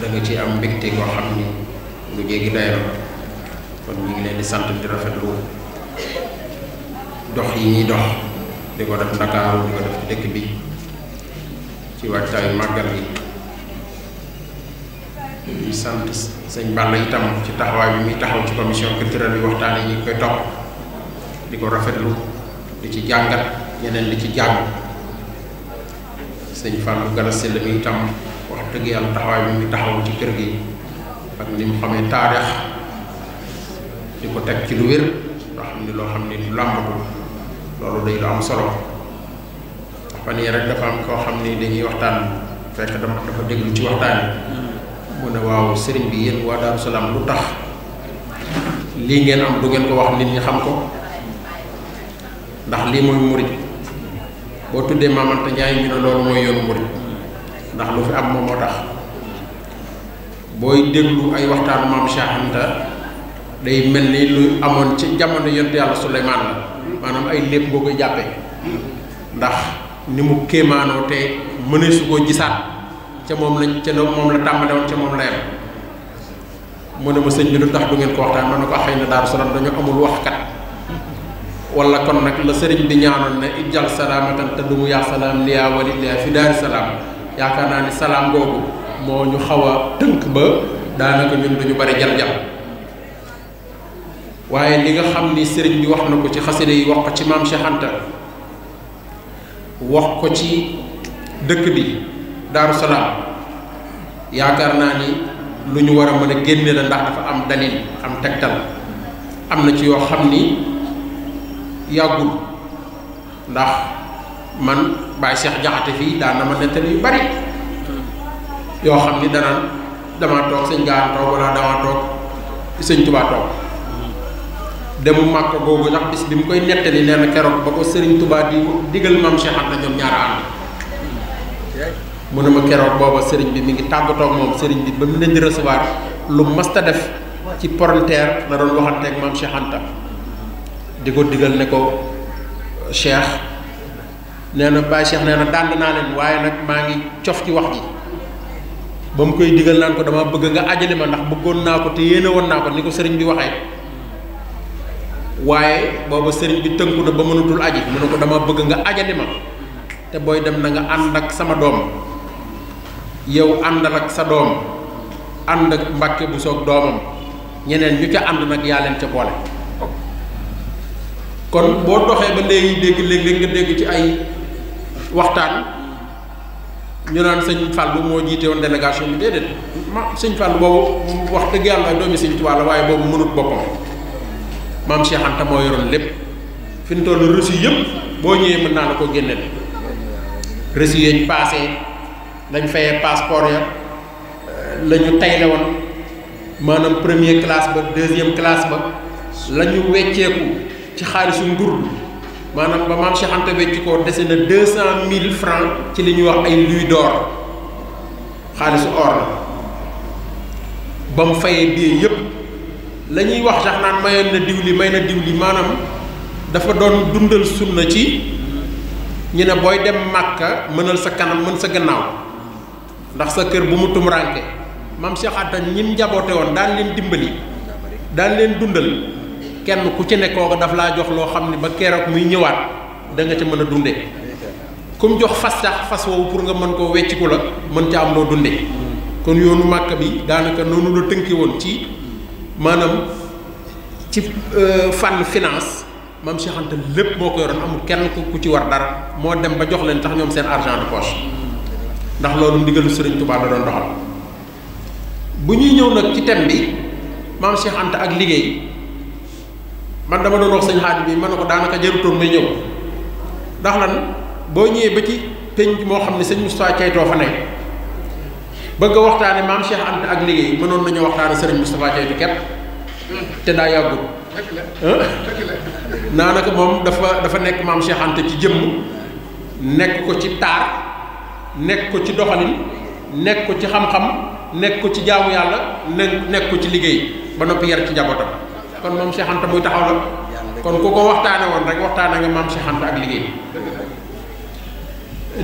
da nga ci am mbégte goo xam ni lu jéggi dayoo kon ñu ngi leen di sant di rafetlu dox yi ñuy dox di ko def Ndakaaru di ko def dëkk bi ci waajtaayu màggal gi di sant sëñ Balla itam ci taxawaay bi muy taxaw ci commission culturelle bi waxtaan yi ñu koy topp di ko rafetlu di ci jàngat ñeneen di ci jàng sëñ Fallou Galassé la muy itam. dëgg yàlla taxawaay bi muy taxaw ci kër gi ak ni mu xamee taarix di ko teg ci lu wér loo xam ni loo xam ni lu làmbatu loolu day lu am solo fan yii rek dafa am koo xam ni dañuy waxtaan fekk dama dafa déglu ci waxtaan yi hmm. mu ne waaw sëriñ bi yéen waa Daaru lu tax lii ngeen am du ngeen ko wax nit ñi xam ko ndax lii mooy murit boo tuddee Maam Anta Njaay ñu ne loolu mooy yoonu murit ndax lu fi am moom moo tax booy déglu ay waxtaanu maam Cheikh day mel ni lu amoon ci jamono yonent yàlla Suleymaan la maanaam ay lépp boo koy jàppee ndax ni mu kéemaanoo te mënee su ko gisaat ca moom lañ ca moom la tàmbale woon ca moom la yem mu ne ma sëñ bi lu tax du ngeen ko waxtaan ma ne ko ah, xëy na Daaru Salaam dañu amul waxkat wala kon nag la sëriñ bi ñaanoon ne ijal salaamatan te du mu yaa salaam liyaa wali liyaa fi daari salaam yaakaar naa ni salaam googu moo ñu xaw a tënk ba daanaka ñun duñu bari jam-jam waaye li nga xam ni sëriñ bi wax na ko ci xasida yi wax ko ci maam Cheikh wax ko ci dëkk bi Daaru Salaam yaakaar naa ni lu ñu war a mën a génne la ndax dafa am dalil am tegtal am na ci yoo xam ni yàggul ndax man bay cheikh jaxate fi da na ma netal yu bari yo xamni nan dama tok seigne gar tok wala dama tok seigne touba tok demu makko gogo nak bis bim koy netali neena kérok bako seigne touba di digal mam cheikh anta ñom ñaara and munuma kero bobo seigne bi mi ngi tagatok mom seigne bi bam leen di recevoir lu masta def ci porter la doon waxante ak mam cheikh anta diko digal ne ko cheikh neena ba cheikh neena dand na len waye nak ma ngi ciof ci wax ji bam koy digal nan ko dama bëgg nga ajali ma ndax bëggon na ko te yene won na ko niko serigne bi waxe waye bobu serigne bi teunku na ba mënatul aji mu ko dama bëgg nga ajali ma te boy dem na nga and ak sama dom yow and ak sa dom and ak mbacke bu sok domam ñeneen ñu ca and nak ya len ca bolé kon bo doxé ba léegi dégg léeg-léeg nga dégg ci ay waxtaan ñu naan sëñ Fallou moo jiite woon délégation bi déedéet ma sëñ fàll boobu wax dëgg yàlla doomi sëñ Tuubaa la waaye boobu mënut boppam maam Cheikh Anta moo yoroon lépp fi ñu toll reçu yëpp boo ñëwee mën naa la ko génneel reçu yañ paase lañ fayee passeport ya euh, lañu ñu tayle woon maanaam première classe ba deuxième classe ba la ñu wecceeku ci xaalisu nguur manam ba mam Cheikh Anta wecc ko dese na deux francs ci li wax ay luy d'or khalis or bam fayé bi yépp lañuy wax sax nan mayoon na diwli may na diwli manam dafa don dundal sunna ci ñu ne dem makka meunal sa kanam meun sa gannaaw ndax sa kër bu mu ranké mam Cheikh Anta ñim leen dimbali daan leen dundal kenn ku ci nekkoo ko daf laa jox loo xam ne ba keroog muy ñëwaat da nga ca mën a dunde kum jox fas tax fas woowu pour nga mën koo wecciku la mën ca am loo dunde kon yoonu màkk bi daanaka noonu la tënki woon ci maanaam ci euh, fànn finance maam Cheikh Anta lépp moo ko yoroon amul kenn ku ci war dara moo dem ba jox leen tax ñoom seen argent de poche ndax loolu ndigalu Serigne Touba la doon doxal bu ñuy ñëw nag ci thème bi maam Cheikh ak liggéey man dama doon wax sëñ xaaj bi man na ko daanaka jarutoon may ñëw ndax lan boo ñëwee ba ci penc moo xam ne sëñ Moustapha Caytoo fa nekk bëgg a waxtaane maam Cheikh ak liggéey mënoon nañu waxtaane sëriñ Moustapha Caytu kepp te daa yàggul naa naka moom dafa dafa nekk maam Cheikh ci jëmm nekk ko ci taar nekk ko ci doxalin nekk ko ci xam-xam nekk ko ci jaamu yàlla nekk ko ci liggéey ba noppi yar ci njabootam kon maam Cheikh Anta buy taxaw la kon ku ko waxtaane woon rek waxtaane nga maam Cheikh Anta ak liggéey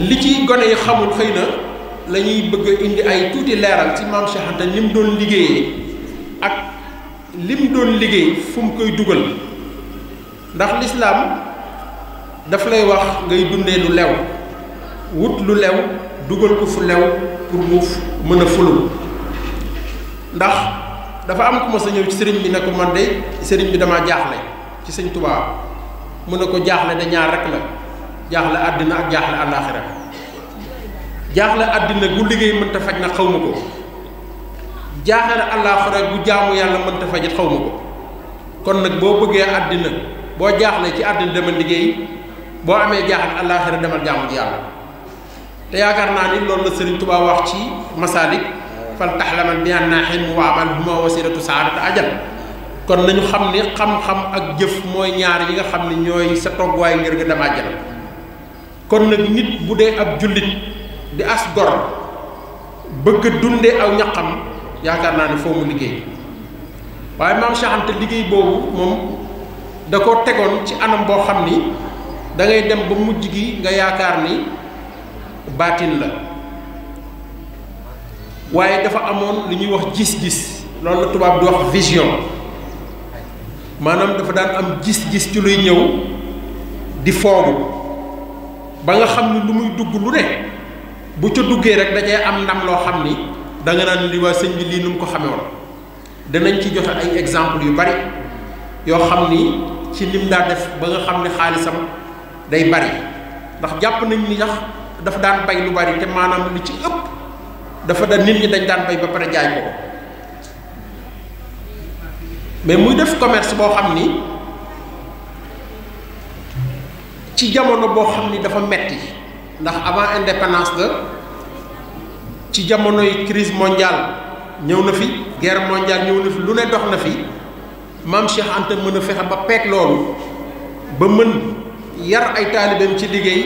li ci gone yi xamul xëy na la bëgg a indi ay tuuti leeral ci maam Cheikh Anta li mu doon liggéeyee ak li mu doon liggéey fu mu koy dugal ndax lislaam daf lay wax ngay dundee lu lew wut lu lew dugal ko fu lew pour mu mën a fulu ndax dafa am ku ma sa ñëw ci sëriñ bi ne ko man de sëriñ bi damaa jaaxle ci sëñ Tuubaa mu ne ko jaaxle da ñaar rek la jaaxle àddina ak jaaxle àllaaxira jaaxle àddina gu liggéey mënta faj na xaw ma ko jaaxle àllaaxira gu jaamu yàlla mënta faj xaw ma ko kon nag boo bëggee àddina boo jaaxle ci àddina demal liggéey boo amee jaaxle àllaaxira demal jaamu ji yàlla te yaakaar naa ni loolu la sëriñ Tuubaa wax ci masaalik fal taxlaman bi anna xilmu wa amal huma wasilatu sa'adat ajal kon nañu xamni xam-xam ak jëf moy ñaar yi nga xamni ñoy sa tok way ngir nga dama ajal kon nak nit bu dee ab julit di as gor bëgg dundé aw ñaxam yaakar na ni fo mu liggéey waye mam Cheikh Anta liggéey bobu mom da ko tégon ci anam bo xamni da ngay dem ba mujj gi nga yaakar ni batin la waaye dafa amoon lu ñuy wax gis-gis loolu la tubaab di wax vision maanaam dafa daan am gis-gis ci luy ñëw di foogu ba nga xam ni lu muy dugg lu ne bu ca duggee rek da am ndam loo xam ni danga nga naan li waa sëñ bi lii nu mu ko xamee woon danañ ci joxe ay exemple yu bari yoo xam ni ci lim daa def ba nga xam ne xaalisam day bari ndax jàpp nañ ni sax dafa daan bay lu bari te maanaam lu ci ëpp. dafa da nit ñi dañ daan bay ba pare jaay ko mais muy def commerce boo xam ni ci jamono boo xam ni dafa metti ndax avant indépendance la ci jamonoy crise mondiale ñëw na fi guerre mondiale ñëw na fi lu ne dox na fi maam Cheikh Anta mën a fexe ba peeg loolu ba mën yar ay taalibeem ci liggéey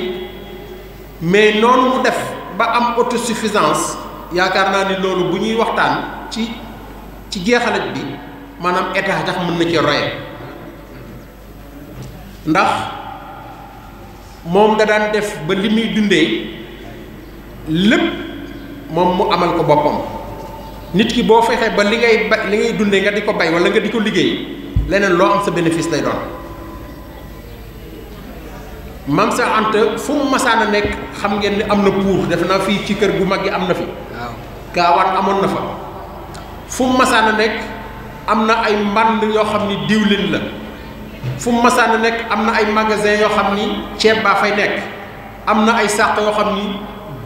mais noonu mu def ba am autosuffisance yaakaar naa ni loolu bu ñuy waxtaan ci ci jeexalat bi maanaam état tax mën na ci roye ndax moom da daan def ba li muy dundee lépp moom mu amal ko boppam nit ki boo fexee ba li ngay ba li ngay dundee nga di ko bay wala nga di ko liggéey leneen loo am sa bénéfice lay doon mam sa ant fu mu masaan a nekk xam ngeen ni am na puur def naa fii ci kër gu mag gi am na fi waaw gaawaan amoon na fa fu mu masaan a nekk am na ay mbànd yoo xam ni diwlin la fu mu masaan a nekk am na ay magasin yoo xam ni ceeb baa fay nekk am na ay sàq yoo xam ni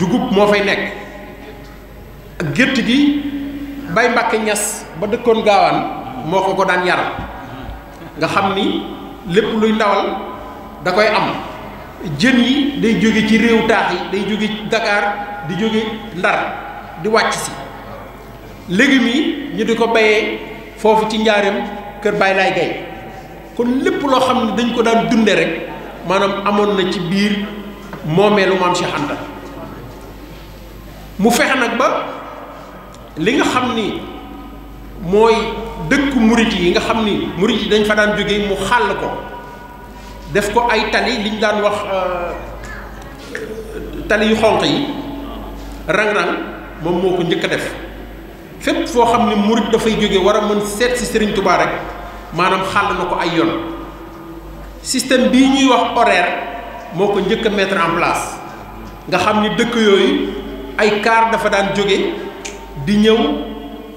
dugub moo fay nekk ak gétt gi bay mbàkke ñas ba dëkkoon gaawaan moo ko ko daan yaram nga xam ni lépp luy ndawal da koy am jën yi day jóge ci réew taax yi day jóge Dakar di jóge Ndar di wàcc si légumes mi ñu di ko béyee foofu ci njaareem kër Baay Laay Gay kon lépp loo xam ne dañ ko daan dunde rek maanaam amoon na ci biir moomeelu maam Cheikh Anta mu fexe nag ba li nga xam ni mooy dëkku murit yi nga xam ni murit yi dañ fa daan jóge mu xàll ko def ko ay tali liñ daan wax euh, tali yu xonq yi rang-rang moom moo ko njëkk a def fépp foo xam ne murit dafay jóge war mën seet si sëriñ tubaa rek maanaam xàll na ko ay yoon système bii ñuy wax horaire moo ko njëkk a mettre en place nga xam ni dëkk yooyu ay kaar dafa daan jóge di ñëw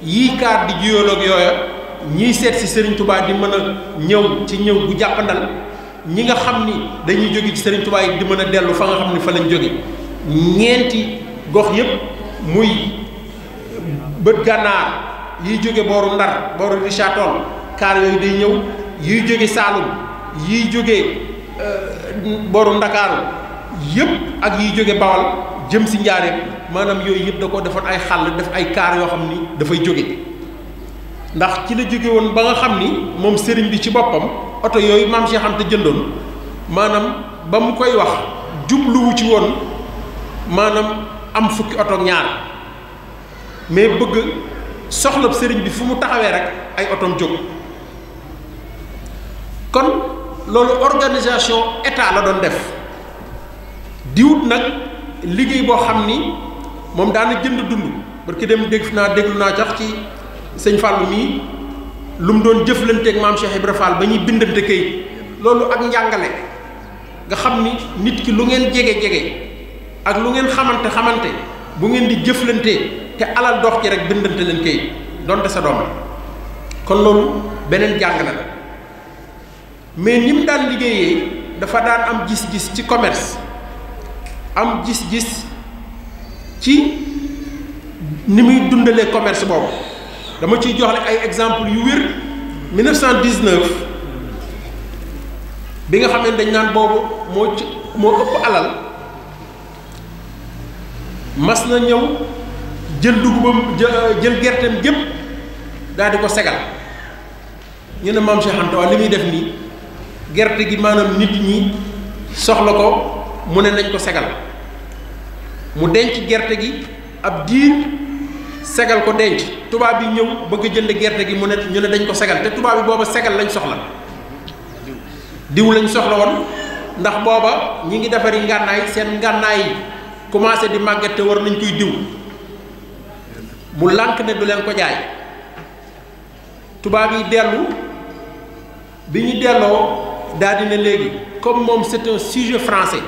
yii kaar di jiyoloog yooya ñiy seet si sëriñ tubaa di mën a ñëw ci ñëw bu jàppandal ñi nga xam ni dañuy jóge ci Serigne Touba yi di mën a dellu fa nga xam ni fa lañ jóge ñeenti gox yëpp muy bët gànnaar yiy jóge booru Ndar booru Richard Toll kaar yooyu day ñëw yiy jóge Saalum yiy jóge euh, booru Ndakaaru yëpp ak yiy jóge Bawal jëm si Njaareem maanaam yooyu yëpp da ko defoon ay xàll def ay kaar yoo xam ni dafay jóge ndax ci la jóge woon ba nga xam ni moom sëriñ bi ci boppam oto yooyu maam Cheikh Anta jëndoon maanaam ba mu koy wax jubluwu ci woon maanaam am fukki oto ñaar mais bëgg soxlab sëriñ bi fu mu taxawee rek ay otoom jóg kon loolu organisation état la doon def di wut nag liggéey boo xam ni moom daana jënd dund parce que dem dégg naa déglu naa jox ci sëñ Fallou mii lu mu doon jëflanteeg maam Cheikh Ibra Fall ba ñuy bindante kayit loolu ak njàngale nga xam ni nit ki lu ngeen jege jege ak lu ngeen xamante xamante bu ngeen di jëflante te alal dox ci rek bindante leen kayit doon sa doom kon loolu beneen jàng la mais ni mu daan liggéeyee dafa daan am jis gis ci commerce am jis gis ci ni muy dundale commerce boobu. dama ciy joxle ay exemple yu wér 1919 bi nga xam ne dañ naan boobu moo ci moo ëpp alal mas na ñëw jël dugubam jël gerteem gépp daal di ko segal ñu ne maam Cheikh Anta li muy def nii gerte gi maanaam nit ñi soxla ko mu ne nañ ko segal mu denc gerte gi ab diir segal ko denc tubaab bi ñëw bëgg jënd gerte gi mu ne ñu ne dañ ko segal te tubaab bi booba segal lañ soxla diw lañ soxla woon ndax booba ñi ngi defari ngànnaay seen ngànnaay yi commencé di màgget te war nañ koy diw mu lànk ne du leen ko jaay tubaab yi dellu bi ñu delloo daal di ne léegi comme moom c'est un sujet français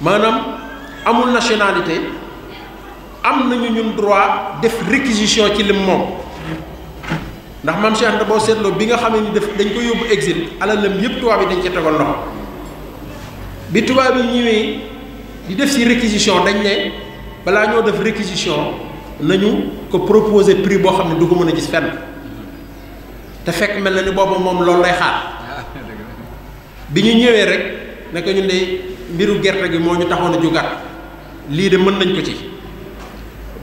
maanaam amul nationalité am nañu ñun droit def réquisition ci lim moom ndax mam Cheikh ndabo boo bi nga xam ni def dañ ko yóbbu exil alalam yëpp tubaab bi dañ ci tegoon loxo bi tubaab bi ñëwee di def si réquisition dañ ne balaa ñoo def réquisition nañu ko proposer prix boo xam ne du ko mën a gis fenn te fekk mel na ni boobu moom loolu lay xaar bi ñu ñëwee rek ne ko ñun de mbiru gerte gi moo ñu taxoon a jugaat lii de mën nañ ko ci.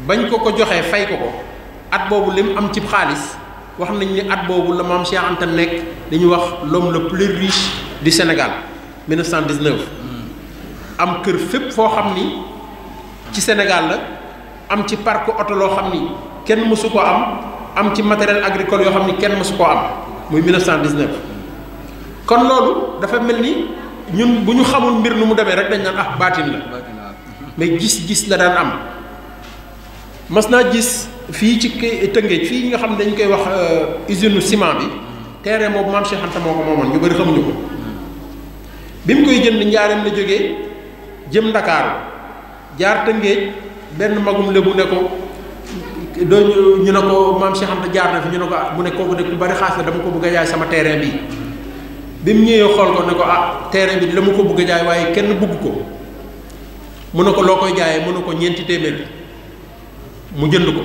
bañ ko ko joxee fay ko ko at boobu lim am ci xaalis wax nañ ni at boobu la am Cheikh Anta nekk dañu wax l'homme le plus riche du Sénégal 1919 hmm. am kër fépp foo xam ni ci Sénégal la am ci parc oto loo xam ni kenn mësu ko am am ci matériel agricole yoo xam ni kenn mësu koo am muy 1919 kon loolu dafa mel ni ñun bu ñu xamul mbir nu mu demee rek dañ naan ah baatin la mais gis-gis la daan am mas naa gis fii ci Tëngéej fii nga xam ne dañ koy wax euh, usine ciment bi terrain boobu maam Cheikh Anta moo ko moomoon ñu bëri xamuñu ko bi mu koy jënd njaareem la jóge jëm Ndakaaru jaar Tëngéej benn magum lébu ne ko doo ñu ne ko maam Cheikh Anta jaar na fi ñu ne ko ah, mu ne kooku de ku bari xaalis la dama ko bëgg a jaay sama terrain bi bi mu ñëwee xool ko ne ko ah terrain bi dama ko bëgg a jaay waaye kenn bëgg ko mu ne ko loo koy jaayee mu ne ko ñeenti téeméer mu jënd ko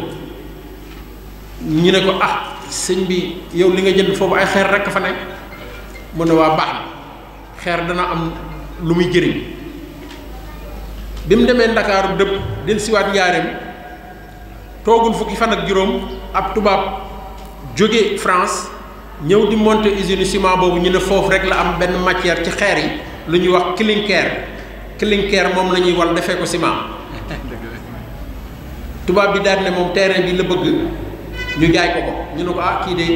ñu ne ko ah sëñ bi yow li nga jënd foofu ay xeer rekk fa ne mu ne waa baax na xeer dana am lu muy jëriñ bi mu demee ndakaaru dëpp del siwaat njaareem toogul fukki fan ak juróom ab tubaab jóge France ñëw di monter usine ciment boobu ñu ne foofu rek la am benn matière ci xeer yi lu ñuy wax clinker clinker moom la ñuy wal defee ko ciment tubaab bi daal ne moom terrain bi la bëgg ñu jaay ko ko ñu ne ko ah kii de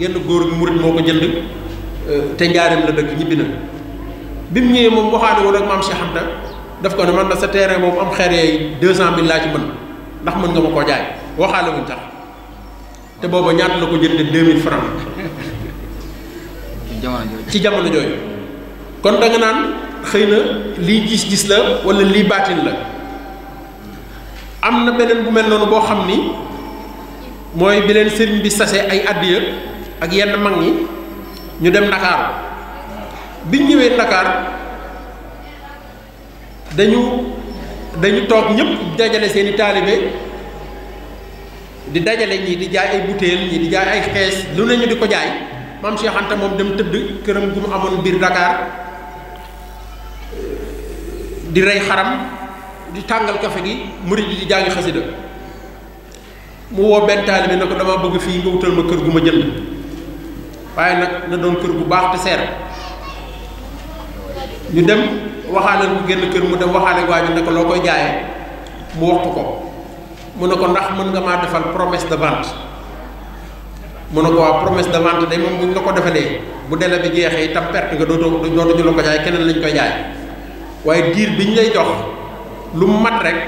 genn góor gi murit moo ko jënd euh, te njaareem la dëkk ñibbi na bi mu ñëwee moom waxaane woon ak maam xam Anta def ko ne man na sa terrain moom am xeer yi deux cent mille laa ci mën ndax mën nga ma koo jaay waxaale wuñ tax te booba ñaata la ko jënde deux mille francs ci jamono jooju ci kon da naan xëy na lii gis-gis la wala lii baatin la am na beneen bu mel noonu boo xam ni mooy bi leen bi sase ay addiya ak yenn mag ñi ñu dem Ndakaaru biñ ñëwee Ndakaar dañu dañu toog ñëpp dajale seeni taalibe di dajale ñii di jaay ay butéel ñii di jaay ay xees lu ne ñu di ko jaay maam Cheikh Anta moom dem tëdd këram gu mu amoon biir Dakar di rey xaram di tàngal kafe gi murid yi di jàngi xasida mu woo benn taalibe na ko dama bëgg fii nga wutal ma kër gu ma jënd waaye nag na doon kër bu baax te seer ñu dem waxaale ko génn kër mu dem waxaale waa ji ne ko loo koy jaayee mu wax ko mu ne ko ndax mën nga maa defal promesse de vente mu ne ko waa promesse de vente day moom buñ la ko defalee bu délai bi jeexee itam perte nga doo dootoo dootuñu la ko jaay keneen lañ koy jaay waaye diir biñ lay jox. lu mu mat rek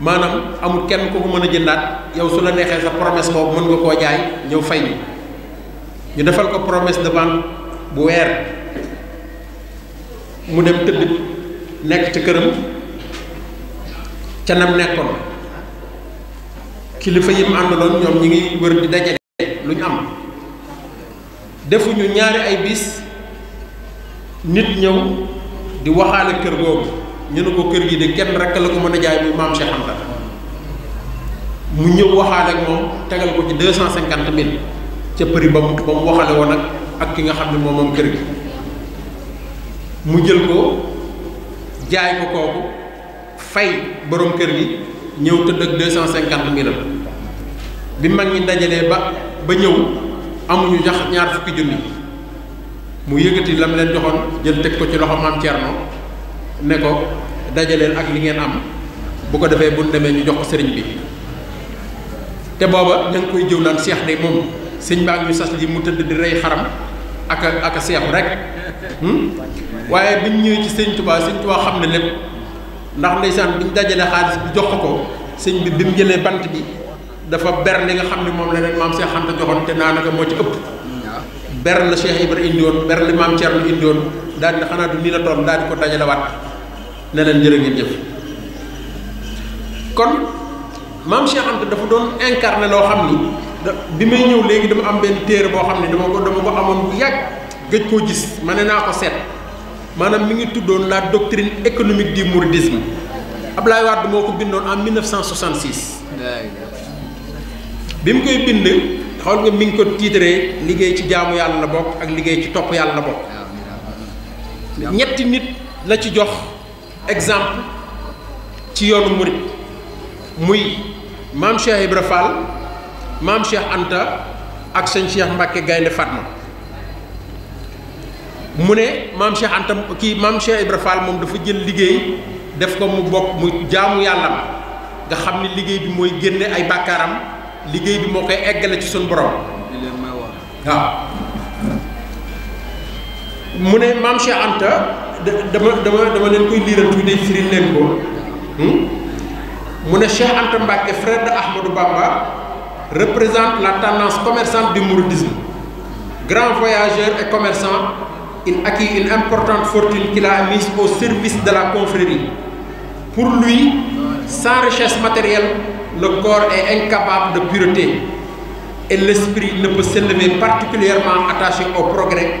maanaam amul kenn ku ko mën a jëndaat yow su la neexee sa promesse boobu mën nga koo jaay ñëw fay ñu ñu defal ko promesse de bu weer mu dem tëdd nekk ca këram ca nam nekkoon kilifa yi mu àndaloon ñoom ñi ngi wër di dajale lu ñu am defuñu ñaari ay bis nit ñëw di waxaale kër googu ñu ne ko kër gi de kenn rek la ko mën a jaay muy maam Cheikh Anta mu ñëw waxaale ak moom tegal ko ci deux cent mille ca prix ba mu ba mu waxale woon ak ak ki nga xam ne moom moom kër gi mu jël ko jaay ko kooku fay borom kër gi ñëw tëdd ak deux mille bi mag ñi dajalee ba ba ñëw amuñu jax ñaar fukki junni mu yëgati lam leen joxoon jël teg ko ci loxo maam cierno ne ko dajaleel ak li ngeen am bu ko defee bu demee ñu jox ko sëriñ bi te booba da nga koy jëw naan seex de moom sëñ baa ngi sas li mu tëdd di rey xaram ak ak a seexu rek hmm? waaye biñ ñëwee ci sëñ tuba sëñ tuba xam ne lépp ndax ndeysaan biñ dajale xaalis bi jox ko sëñ bi bi mu jëlee bant bi dafa ber li nga xam ne moom leneen maam Cheikh Anta joxoon te naanaka moo ci ëpp ber la Cheikh Ibra indiwoon ber li maam Thierno indiwoon daal di xanaa du ni la toon daal di ko dajalewaat ne leen jërë ngeen jëf kon maam Cheikh dafa doon incarné loo xam ni bi may ñëw léegi dama am benn téere boo xam ne dama ko dama ko amoon bu yàgg gëj koo gis ma ne naa ko seet maanaam mi ngi tuddoon laa doctrine économique du mouridisme Ablaye Wade moo ko bindoon en 1966. bi mu koy bind xool nga mi ngi ko tiitaree liggéey ci jaamu yàlla la bokk ak liggéey ci topp yàlla la bokk ñetti nit la ci jox. exemple ci yoonu murit muy maam Cheikh Ibra Fall maam Cheikh Anta ak sëñ Cheikh Mbacke Gaynde Fatma mu ne maam Cheikh Anta kii maam Cheikh moom dafa jël liggéey def ko mu bokk mu jaamu yàlla nga xam ni liggéey bi mooy génne ay bàkkaaram liggéey bi moo koy eggale ci suñu borom waaw mu ne maam Cheikh Anta dama dama dama leen koy liiral tuuti firi leen ko hmm? Cheikh Anta frère de Baba, représente la tendance commerçante du mouridisme grand voyageur et commerçant il acquis une importante fortune qu'il a mise au service de la confrérie pour lui sans richesse matérielle le corps est incapable de pureté et l'esprit ne peut s'élever particulièrement attaché au progrès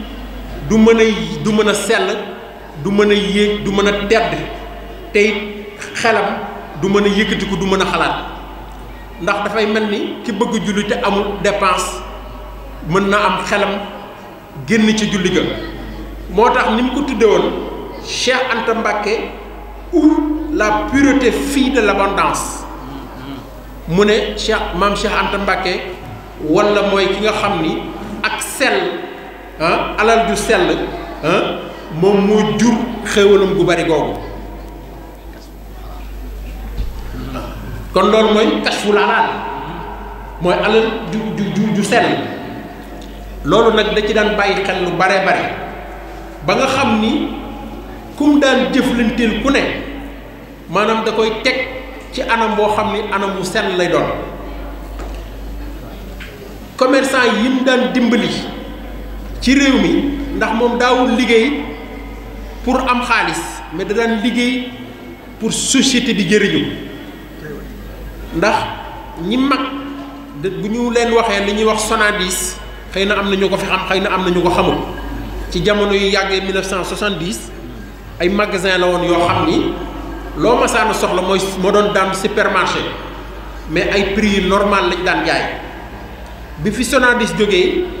du mëna du mëna sel sell du mëna yé du mëna dumana tedd té it xelam du mëna yëkëti ko du mëna xalaat ndax da fay melni ki bëgg julli te amul dépense mën na am xelam génn ci julli ga motax nim ko tuddé won cheikh anta mbacké ou la pureté fille de l'abondance mune cheikh mam cheikh anta mbacké wala moy ki nga xamni ak sel ah alal ju sell ah moom moo jur xéwalum gu bari googu kon loolu mooy kasful alaal mooy alal ju ju ju sell loolu nag da ci daan bàyyi xel lu bare bare ba nga xam ni kum daan jëflanteel ku ne maanaam da koy teg ci anam boo xam ni anam wu sell lay doon commerçant yi mu daan dimbali. ci réew mi ndax moom daawul liggéey pour am xaalis mais da daan liggéey pour société di jëriñu ndax ñi mag bu ñu leen waxee li ñuy wax Sonadis xëy na am na ñu ko fi xam xëy na am na ñu ko xamul ci jamono yu yàggee 1970 ay magasin la woon yoo xam ni loo masaana soxla mooy moo doon daan supermarché mais ay prix normal lañu daan jaay bi fi Sonadis jógee.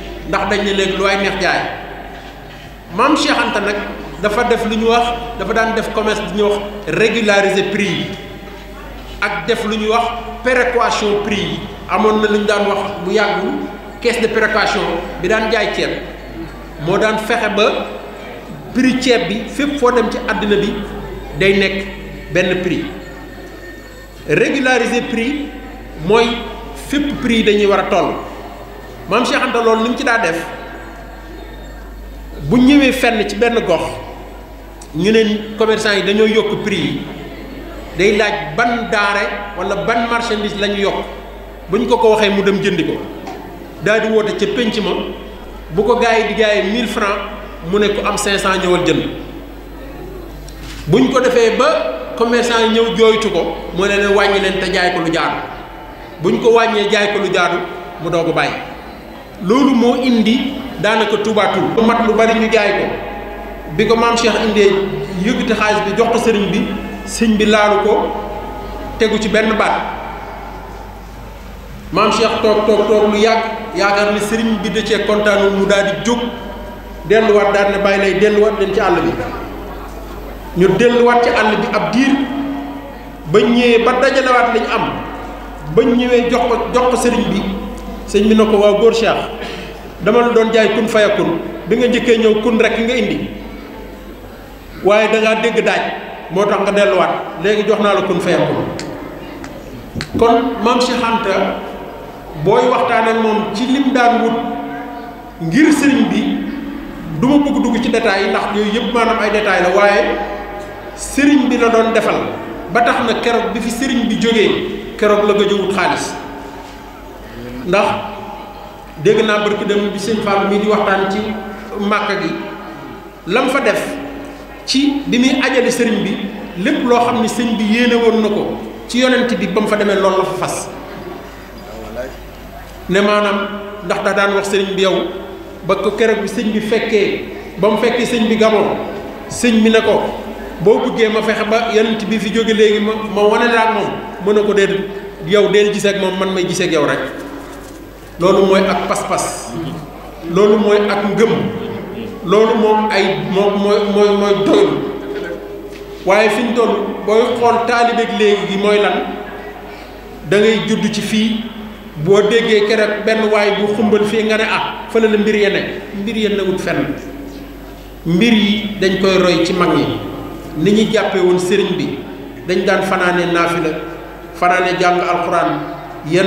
ndax dañ ne léegi lu waay neex jaay maam Cheikh Anta nag dafa def lu ñu wax dafa daan def commerce di ñu wax régulariser prix yi ak def lu ñuy wax péréquation prix yi amoon na lu ñu daan wax bu yàggul caisse de péréquation bi daan jaay ceeb moo daan fexe ba prix ceeb bi fépp foo dem ci àddina bi day nekk benn prix régulariser prix mooy fépp prix yi dañuy war a toll maam Cheikh Anta loolu ni mu ci daa def bu ñëwee fenn ci benn gox ñu ne commerçant yi dañoo yokk prix yi day laaj ban daare wala ban marchandise la yokk bu ñu ko ko waxee mu dem jëndi ko daal di woote ca pénc ma bu ko gars yi di jaayee 1000 francs mu ne ko am 500 ñëwal jënd buñ ko defee ba commerçant yi ñëw jooytu ko mu ne leen wàññi leen te jaay ko lu jaadu buñ ko wàññee jaay ko lu jaadu mu doog a bàyyi. loolu moo indi daanaka tubaatul lu mat lu bari ñu jaay ko bi ko maam Cheikh indee yëkkati xaalis bi jox ko sëriñ bi sëñ bi laalu ko tegu ci benn baat maam Cheikh toog toog toog lu yàgg yaakaar ni sëriñ bi da cee kontaanul mu daal di jóg delluwaat daal ne bàyyi lay delluwaat leen ci àll bi ñu delluwaat ci àll bi ab diir ba ñëwee ba dajalewaat lañ am ba ñëwee jox ko jox ko sëriñ bi. sëñ bi na ko waaw góor Cheikh dama la doon jaay kun fayakun bi nga njëkkee ñëw kun rek nga indi waaye da dégg daaj moo tax nga delluwaat léegi jox naa la kun fayakun kon maam Cheikh booy waxtaan ak moom ci lim daan wut ngir sëriñ bi duma ma bëgg dugg ci détails yi ndax yooyu yëpp maanaam ay détails la waaye sëriñ bi la doon defal ba tax na keroog bi fi sëriñ bi jógee keroog la gëj a wut xaalis. ndax dégg naa barki dem bi sëñ Fall mii di waxtaan ci màkka gi lam fa def ci bi muy ajale sëriñ bi lépp loo xam ne sëñ bi yéene woon na ko ci yonent bi ba mu fa demee loolu la fa fas ne maanaam ndax da daan wax sëriñ bi yow ba ko keroog bi sëñ bi fekkee ba mu fekkee sëñ bi gaboon sëñ bi ne ko boo bëggee ma fexe ba yonent bi fi jóge léegi ma ma wane la ak moom mën na ko dee yow deel gisee ak moom man may gisee ak yow rek loolu mooy ak pas-pas loolu mooy ak ngëm loolu moom ay moom mooy mooy doylu waaye fi toll booy xool taalibeeg léegi gi mooy lan dangay ngay ci fii boo déggee keroog benn waay bu xumbal fii nga ne ah fële la mbir ya mbir ya newut fenn mbir yi dañ koy roy ci mag yi ni ñu jàppee sëriñ bi dañ daan fanaane naafila fanaane jàng alxuraan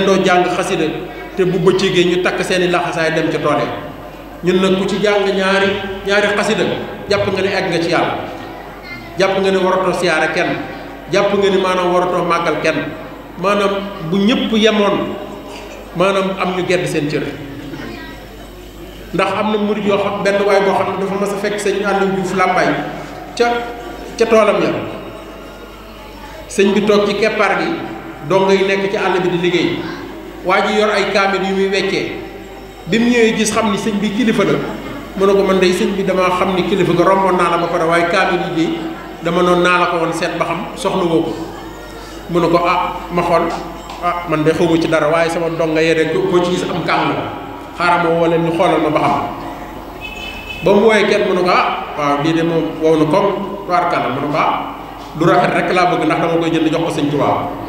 doo jàng xasida te bu bëccëgee ñu tak seeni laxasaay dem ci tole ñun nak ku ci jang ñaari ñaari xasida japp nga ne ak nga ci yalla japp nga ne waratoo siara kenn japp nga ni manam waratoo magal kenn manam bu ñepp yemon manam am ñu gedd seen ciir ndax am na murid yo xam benn way bo xam dafa ma sa fekk sëñ ànd juuf làmbaay ca ca tolam ya sëñ bi tok ci kepar gi do ngay nekk ci bi di liggey waa ji yor ay kaamil yu muy weccee bi mu ñëwee gis xam ni sëñ bi kilifa la mu ne ko man day sëñ bi dama xam ni kilifa ga romboon naa la ba pare waaye kaamil yi de dama noonu naa la ko woon seet ba xam soxla woo ko mu ne ko ah ma xool ah man de xawma ci dara waaye sama donga yére ko ci gis am kàng xaaral ma woo leen xoolal ma ba xam ba mu wooyee kenn mu ne ko ah waaw lii de moom wow na koom tuwaarkàlla mu ne ko ah du rafet rek laa bëgg ndax dama koy jënd jox ko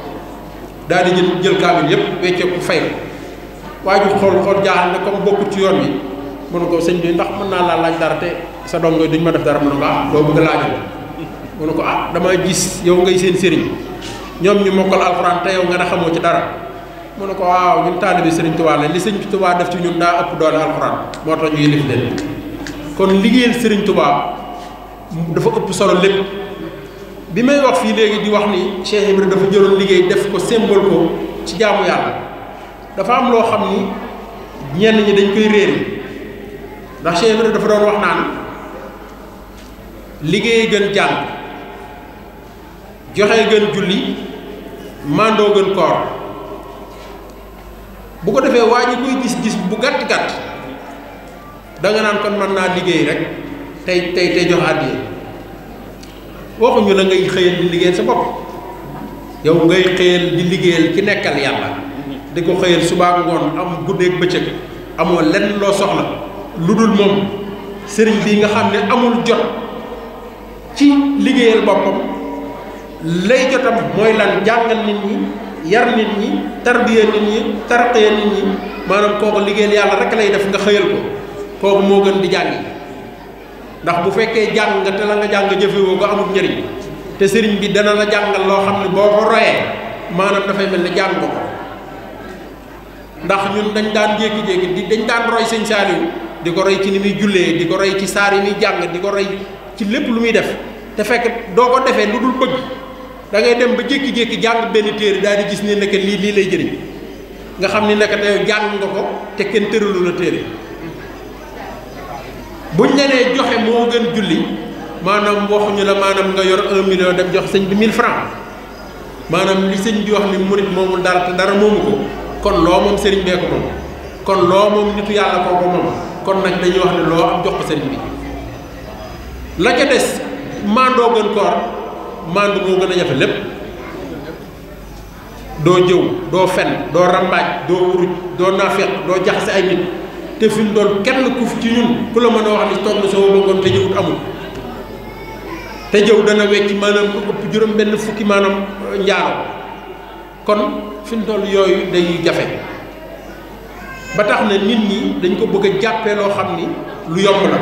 daal di jël jël kaamil yépp weccee ko fay ko waa ji xool xool jaaxal ne comme bokkut ci yoon bi mu ne ko sëñ bi ndax mën naa laa laaj dara te sa dong duñ ma def dara mu ne ko ah doo bëgg laajal mu ne ko ah dama gis yow ngay seen sëriñ ñoom ñu mokkal alxuraan te yow nga na xamoo ci dara mu ne ko waaw ñun taalibe sëriñ Tuubaa la li sëñ Tuubaa def ci ñun daa ëpp doole alxuraan moo tax ñuy lif leen kon liggéeyal sëriñ Tuubaa dafa ëpp solo lépp bi may wax fii léegi di wax ni Cheikh ibrahim dafa jëloon liggéey def ko symbole ko ci jaamu yàlla dafa am loo xam ni ñenn ñi dañ koy réer ndax Cheikh ibrahim dafa doon wax naan liggéey gën jàng joxe gën julli mandoo gën koor bu ko defee waa ji koy gis-gis bu gàtt-gàtt da nga naan kon mën naa liggéey rek tey tey tey jox àddiyee waxuñu la ngay xëyal di liggéeyal sa bopp yow ngay xëyal di liggéeyal ci nekkal yàlla di ko xëyal subaa ngoon am guddeeg bëccëg amoon lenn loo soxla lu dul moom sëriñ bi nga xam ne amul jot ci liggéeyal boppam lay jotam mooy lan jàngal nit ñi yar nit ñi tarbiya nit ñi tarqiya nit ñi maanaam kooku liggéeyal yàlla rek lay def nga xëyal ko kooku moo gën di jàngi ndax bu fekkee jàng nga te la nga jàng jëfewoo ko amut njëriñ te sëriñ bi dana la jàngal loo xam ne boo ko royee maanaam dafay mel ne jàng ko ndax ñun dañ daan jékki-jékki di dañ daan roy sëñ Saaliw di ko roy ci ni muy jullee di ko roy ci saar yi muy jàng di ko roy ci lépp lu muy def te fekk doo ko defee lu dul bëgg da dem ba jékki-jékki jàng benn téere daal di gis ne nekk lii lii lay jëriñ nga xam ne nekk te jàng nga ko te kenn tëralu la téere buñ la nee joxe moo gën julli manam waxu ñu la manam nga yor 1 million dem jox señ bi 1000 francs manam li señ bi wax ni mourid momul dara dara momuko kon lo mom señ bi ko mom kon lo mom nitu yalla ko ko mom kon nak dañuy wax ni lo am jox señ bi la ca dess mando gën koor mando mo gëna yafa lepp do jëw do fen do rambaaj do wuruj do nafiq do jaxase ay nit te fi mu doon kenn ku ci ñun ku la mën a wax ni toog na sama bëggoon te jëwut amul te jëw dana wecc maanaam lu ëpp juróom benn fukki maanaam euh, njaaro kon fi mu yooyu dañuy jafe ba tax na nit ñi dañ ko bëgg a jàppee loo xam ni lu yomb la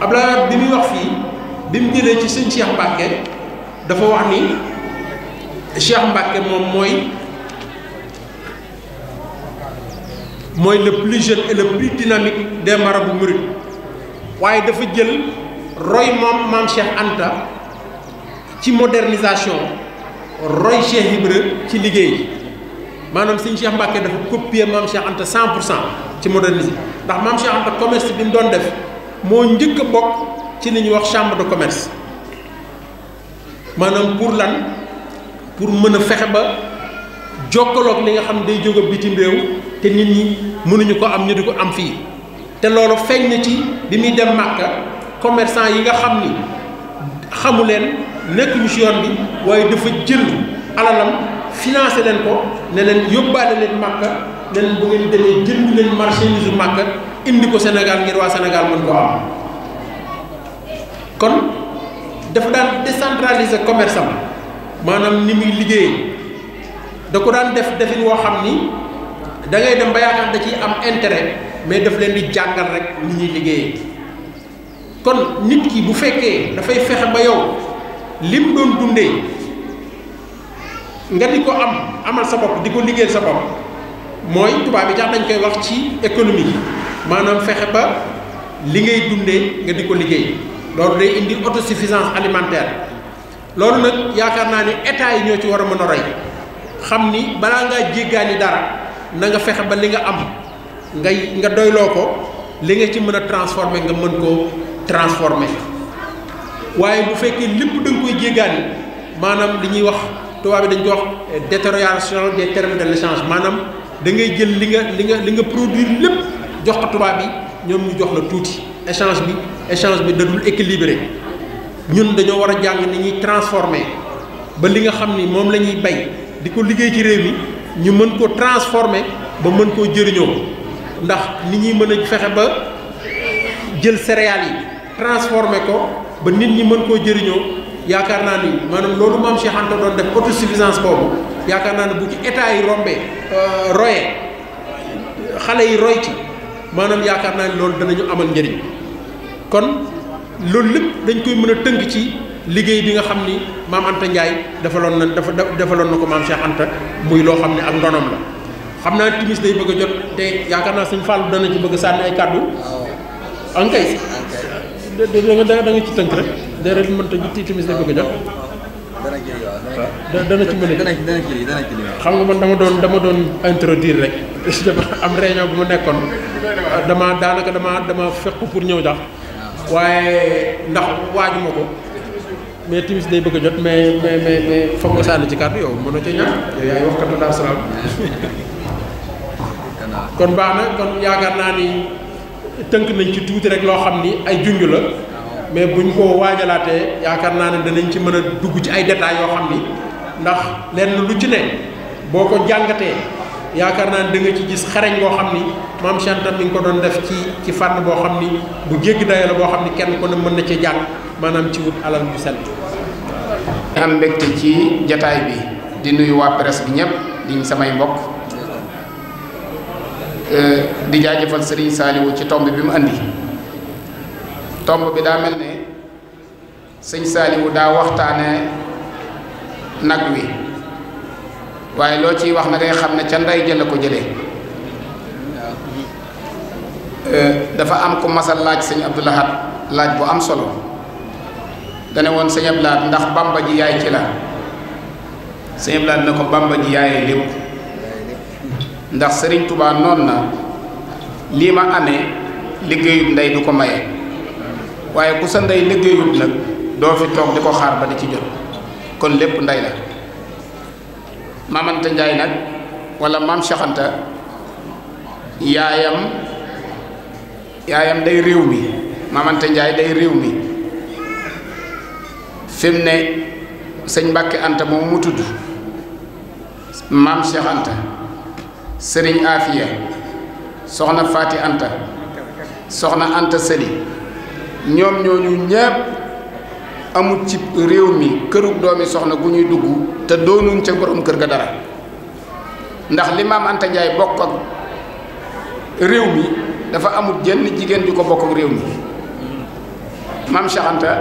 Abdoulaye bi muy wax fii bi mu jëlee ci sëñ Cheikh Mbacke dafa wax ni Cheikh Mbacke moom mooy moy le plus jeune et le plus dynamique des marabouts mourides waye dafa jël roy mom mam Cheikh Anta ci modernisation roy Cheikh Ibra ci liguey manam seigne Cheikh Mbacke dafa copier mam Cheikh Anta 100 ci moderniser ndax mam Cheikh Anta commerce bi mu doon def mo njëkk bok ci li ñuy wax chambre de commerce manam pour lan pour mën a fexe ba jokkaloog li nga xam day jóge bitim te nit ñi mënuñu ko am ñu di ko am fii te loolu feeñ na ci bi muy dem Màkka commerçant yi nga xam ni xamu leen nekkuñu ci yoon bi waaye dafa jël alalam financé leen ko ne leen yóbbaale leen Màkka ne leen bu ngeen demee jënd leen marchandise Màkka indi ko senegal ngir waa Sénégal mën ko am kon dafa daan décentraliser commerce am maanaam ni muy liggéeyee da ko daan def defin woo xam ni. dangay dem ba yaakaar da ciy am intérêt mais daf leen di jàngal rek ni ñuy liggéeyee kon nit ki bu fekkee dafay fexe ba yow lim doon dundee nga di ko am amal sa bopp di ko liggéeyal sa bopp mooy tubaab bi tax dañ koy wax ci économie maanaam fexe ba li ngay dundee nga di ko liggéey loolu day indi autosuffisance alimentaire loolu nag yaakaar naa ne état yi ñoo ci war a mën a roy xam ni balaa ngaa jéggaani dara. na nga fexe ba li nga am ngay nga doyloo ko li nga ci mën a transformer nga mën koo transformer waaye bu fekkee lépp da nga koy jéggaani maanaam li ñuy wax tubaab bi dañu jox wax eh, détérioration des termes de l'échange maanaam da ngay jël li nga li nga li nga produire lépp jox ko tubaab bi ñoom ñu jox la tuuti échange bi échange bi dadul équilibré ñun dañoo war a jàng ni ñuy transformer ba li nga xam ni moom la ñuy bay di ko liggéey ci réew mi ñu mën ko transformer ba mën koo jëriñoo ndax ni ñuy mën a fexe ba jël céréales yi transformer ko ba nit ñi mën koo jëriñoo yaakaar naa ni maanaam loolu maam Cheikh Anta doon def autosuffisance boobu yaakaar naa ne bu ci état yi rombee euh, royee xale yi roy ci maanaam yaakaar naa ni loolu danañu amal njëriñ kon loolu lépp dañ koy mën a tënk ci liggéey bi nga xam ni maam Anta Ndiaye defaloon na dafa defaloon na ko maam Cheikh Anta muy loo xam ne ak ndonom la xam naa timis day bëgg a jot te yaakaar naa suñ Fall dana ci bëgg a sànni ay kàddu. waaw ah, ankay da nga ci tënk rek mën ta ji timis day bëgg a jot. dana ci mën ci ci xam nga man dama doon dama doon introduire rek dama am réunion bu ma nekkoon dama daanaka dama dama fekk pour ñëw jax ah. waaye ndax waaju ko. mais timis day bëgg jot mais mais mais mais foog nga sànni ci kàddu yow a ci ñàkk yow yaay wax kàddu Daaru Salaam kon baax na kon yaakaar naa ni tënk nañ ci tuuti rek loo xam ni ay junj la mais buñ ko waajalaatee yaakaar naa ne danañ ci mën a dugg ci ay détails yoo xam ni ndax lenn lu ci ne boo ko jàngatee yaakaar naa ne da nga ci gis xarañ boo xam ni maam chantam mi ngi ko doon def ci ci fànn boo xam ni bu jéggi dayo la boo xam ni kenn ko ne mën na ci jàng maanaam ci wut alal ju sell am mbégte ci jataay bi di nuyu waa bi ñëpp di samay mbokk euh, di jaajëfal sëriñ Saliou ci tomb bi mu andi tomb bi daa mel ne sëñ Saliou daa waxtaane nag wi waaye loo ciy wax na ngay xam ne ca nday jël la ko jëlee euh, dafa am ko masal laaj sëñ Abdoul laaj bu am solo dane woon sëñ Ablaat ndax bamba ji yaay ci la sëñ na ko bamba ji yaayee lépp ndax sëriñ Touba noon na lii ma amee liggéeyut ndey du ko maye waaye ku sa ndey liggéeyut nag doo fi toog di ko xaar ba di ci jot kon lépp ndey la mamanta Njaay nag walla maam sexanta yaayam yaayam day réew mi maamante Njaay day réew mi fimne mu ne Anta mo mu tuddu mam Cheikh Anta sëriñ Afia soxna fati Anta soxna Anta Sëli nyom nyom ñepp amu ci rew mi keuruk doomi soxna gu ñuy dugg te doonuñ ci borom keur ga dara ndax li mam Anta jaay bokk ak rew mi dafa amu jenn jigen diko bokk ak rew mi mam Cheikh Anta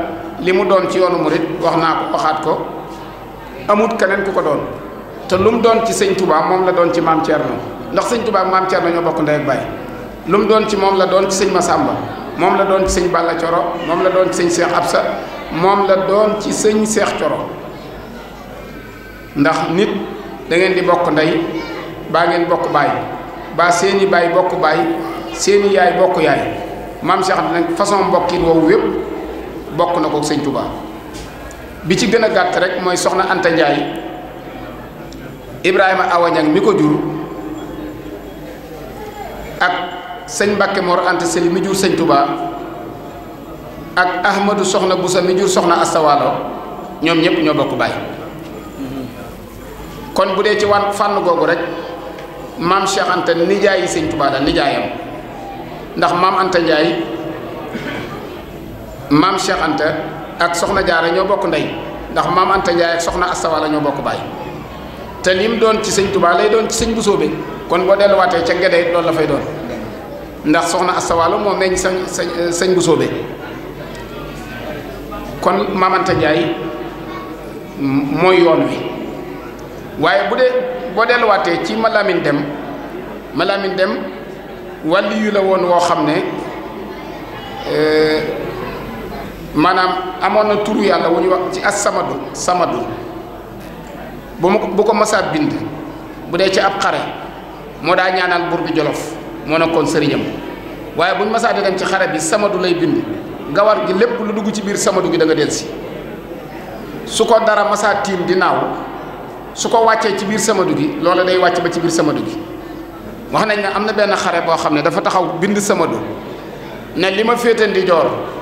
li mu doon ci yoonu murit wax naa ko waxaat ko amut keneen ku ko doon te lu mu doon ci sëñ Touba moom la doon ci maam Thierno ndax sëñ Touba ak maam Thierno ñoo bokk ndey doon ci moom la doon ci sëñ Massamba moom la doon ci sëñ Balla Coro moom la doon ci sëñ Cheikh Absa moom la doon ci sëñ Cheikh Coro ndax nit da ngeen di bokk ndey baa ngeen bokk baay baa seeni baay bokk baay seeni yaay bokk yaay maam Cheikh nañ façon mbokk yi wépp bokk na ko sëñ Touba bi ci gën a gàtt rek mooy soxna Anta Ibrahima Awa Niang mi ko jur ak sëñ Mbacke Mor Anta Sali mi jur sëñ Touba ak Ahmadou soxna Boussa mi jur soxna Astawaalo ñoom ñëpp ñoo bokk baay kon bu dee ci wan fànn googu rek maam Cheikh Anta nijaayi sëñ Touba daal nijaayam ndax maam Anta maam Cheikh Anta ak soxna Jaara ñoo bokk ndey ndax maam Anta Njaay ak soxna Asta Wala ñoo bokk baay te lim doon ci sëñ Tuubaa lay doon ci sëñ Busoobe kon boo delluwaatee ca Ngédé loolu la fay doon ndax soxna Asta Wala moo meññ sañ sëñ euh, Busoobe kon maam Anta Njaay mooy yoon wi waaye bu de boo delluwaatee ci Malamine Dem Malamine Dem wàlli la woon woo xam ne euh, maanaam amoon na turu yàlla wu ñu wax ci ak as samadu samadu bu ma bu ko masaa bind bu dee ci ab xare moo daa ñaanal buur bi jolof moo nekkoon sëriñam waaye buñ ñu masaa di ci xare bi samadu lay bind gawar gi lépp lu dugg ci biir samadu gi da nga si su ko dara masaa tiim di naaw su ko wàccee ci biir samadu gi loolu day wàcc ba ci biir sama du gi wax nañ ne am na benn xare boo xam ne dafa taxaw bind sama samadu ne li ma féete joor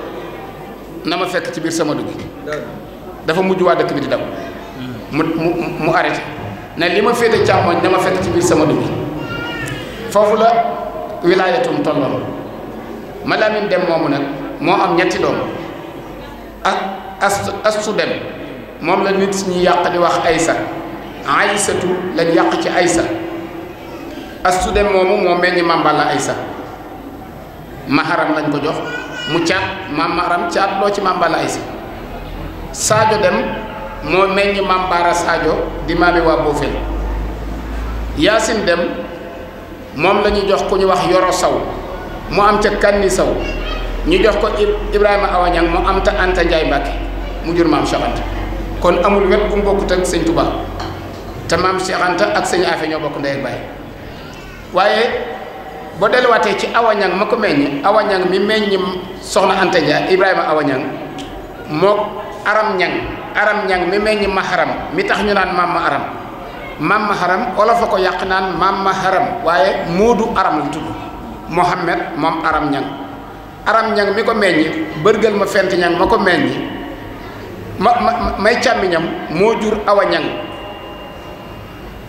na ma fekk ci biir sama dugg dafa mujj waa dëkk bi di daw mu mu mu arrêté ne li ma féete càmmooñ na ma fekk ci biir sama dugg foofu la wilaayatum tolloon ma Lamine Dem moomu nag moo am ñetti doom ak as astu dem moom la nit ñi yàq di wax aysa aysatu lañ yàq ci aysa astu dem moomu moo mel ni mambala aysa maharam lañ ko jox mu ciat mam maram ciat lo ci mam bala ci dem mo meññ mam bara sadio di maami waa boofel yasin dem mom lañu jox ku ñu wax yoro saw mu am ci kanni saw ñu jox ko ibrahima awanyang mo am ta anta jaimak, mujur mu jur mam kon amul wet bu mbok tak seigne tuba ta mam cheikh anta ak seigne afe ñoo bok ndey baye waye bo delluwaatee ci awanyang mako meñ awanyang mi meñ soxna ante dia ibrahima awanyang mok aram nyang aram nyang mi meñ maharam mi tax ñu naan mam aram mamma haram olof ko yak nan mam haram waye modu aram la tuddu mohammed mam aram nyang aram nyang mi ko meñ beurgal ma fent nyang mako meñ ma may càmmiñam mo jur awanyang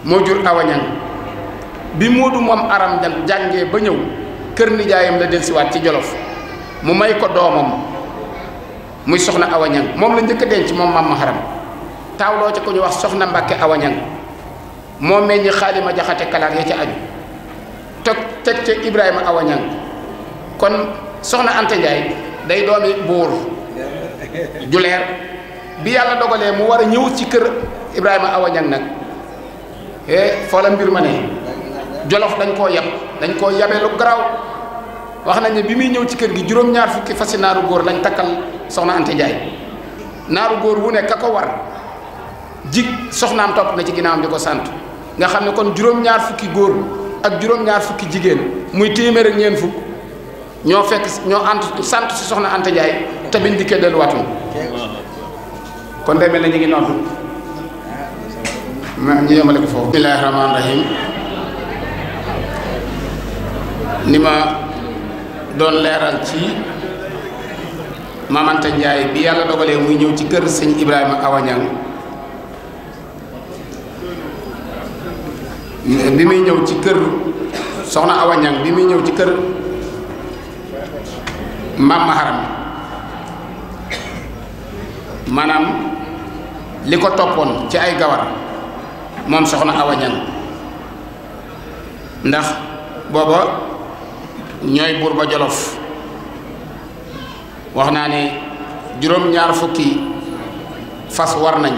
mo jur awanyang bi Moodu moom aram jan jàngee ba ñëw kër nijaayam la dellusiwaat ci Jolof mu may ko doomam muy soxna awañang moom la njëkk a denc moom mam taaw taawloo ca ko ñu wax soxna mbakke awañang moo meññi xaalima jaxate kalaar ya ca aju teg teg ca Ibrahima awañang kon soxna Anta Njaay day doomi buur juleer bi yàlla dogalee mu war a ñëw ci kër Ibrahima awañang nag e eh, foo la mbir ma ne jolof dañ koo yab dañ koo yabee lu garaw wax nañ ne bi muy ñëw ci kër gi juróom-ñaar fukki fasi naaru góor lañ takkal soxna Anta Njaay naaru góor wu nekk ka ko war jig soxnaam topp na ci ginnaawam di ko sant nga xam ne kon juróom-ñaar fukki góor ak juróom-ñaar fukki jigéen muy téeméer ak ñeen fukk ñoo fekk ñoo ant sant si soxna Anta Njaay te biñ dikkee delluwaatuñ kon demee na ñu ngi noddu ma ñu yemale ko foofu Nima don leral ci mamanta ndjay bi yalla dogale muy ñew ci kër sëñ ibrahima awañang bi mi ñew ci kër soxna awañang bi mi ñew ci kër mam maharam manam, liko topone ci ay gawar mom soxna awañang ndax bobo ñooy buur ba jolof wax naa ne juróom-ñaar fukki fas war nañ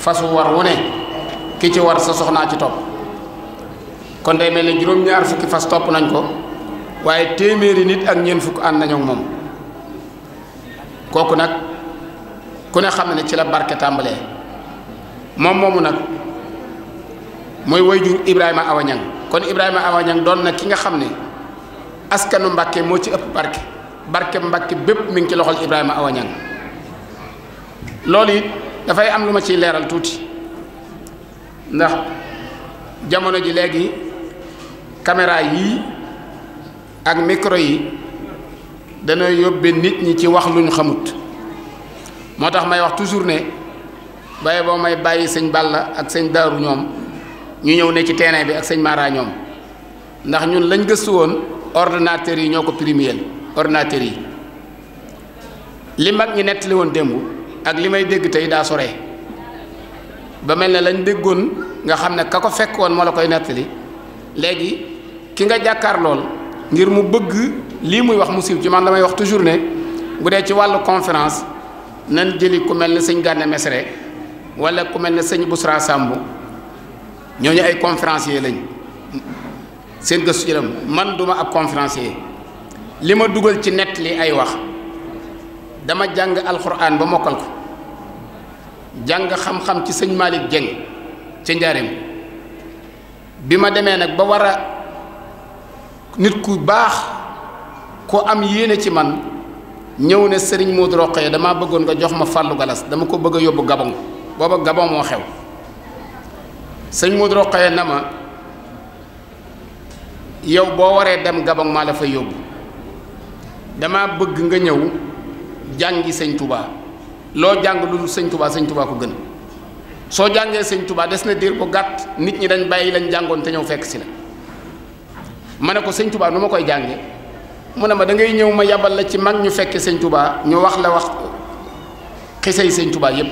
fasu war wu ne ki ci war sa soxnaa ci topp kon day mel ne juróom-ñaar fukki fas topp nañ ko waaye téeméeri nit ak ñeent fukk ànd nañu moom kooku nag ku ne xam ne ci la barke tàmbalee moom moomu nag mooy wayjur Ibrahima Awañang kon Ibrahima Awañang doon na ki nga xam ne askanu Mbàkke moo ci ëpp barke barke Mbàkke bépp mu ngi ci loxol Ibrahima Awa Niang loolu it dafay am lu ma ciy leeral tuuti ndax jamono ji léegi caméra yii ak micro yi dana yóbbe nit ñi ci wax lu ñu xamut moo tax may wax toujours ne baye boo may bàyyi sëñ Balla ak sëñ Daaru ñoom ñu ñëw ne ci terrain bi ak sëñ Mara ñoom ndax ñun lañ gëstu woon ordinateur yi ñoo ko primeel ordinateurs yi li mag ñi nettali woon démb ak li may dégg tey daa sore ba mel ne lañ déggoon nga xam ne ka ko fekk woon moo la koy nettali léegi ki nga jàkkaar lool ngir mu bëgg lii muy wax mu siiw ci man damay wax toujours ne bu dee ci wàllu conférence nañ jëli ku mel ne sëñ Gànne Mesere wala ku mel ne sëñ Busra Sàmb ñooñu ay conférencier lañu seen gëstu ci man duma ab conférencier li ma dugal ci nett li ay wax dama jàng alxuraan ba mokkal ko jàng xam-xam ci sëñ Malick Dieng ca njaareem bi ma demee nag ba war a nit ku baax koo am yéene ci man ñëw ne sëriñ Modou Rokhaya damaa bëggoon nga jox ma fàllu galas dama ko bëgg a yóbbu Gabon booba Gabon moo xew sëñ Modou Rokhaya na ma yow boo waree dem Gabon maa la fa yóbbu dama bëgg nga ñëw jàngi sëñ Touba loo jàng lu dul sëñ Touba sëñ ko gën soo jàngee sëñ tubaa des na diir bu gàtt nit ñi dañ bàyyi lañ jàngoon te ñëw fekk si la ma ne ko sëñ Touba nu ma koy jànge mu ne ma da ngay ñëw ma yabal la ci mag ñu fekkee sëñ Touba ñu wax la wax xisey sëñ Touba yépp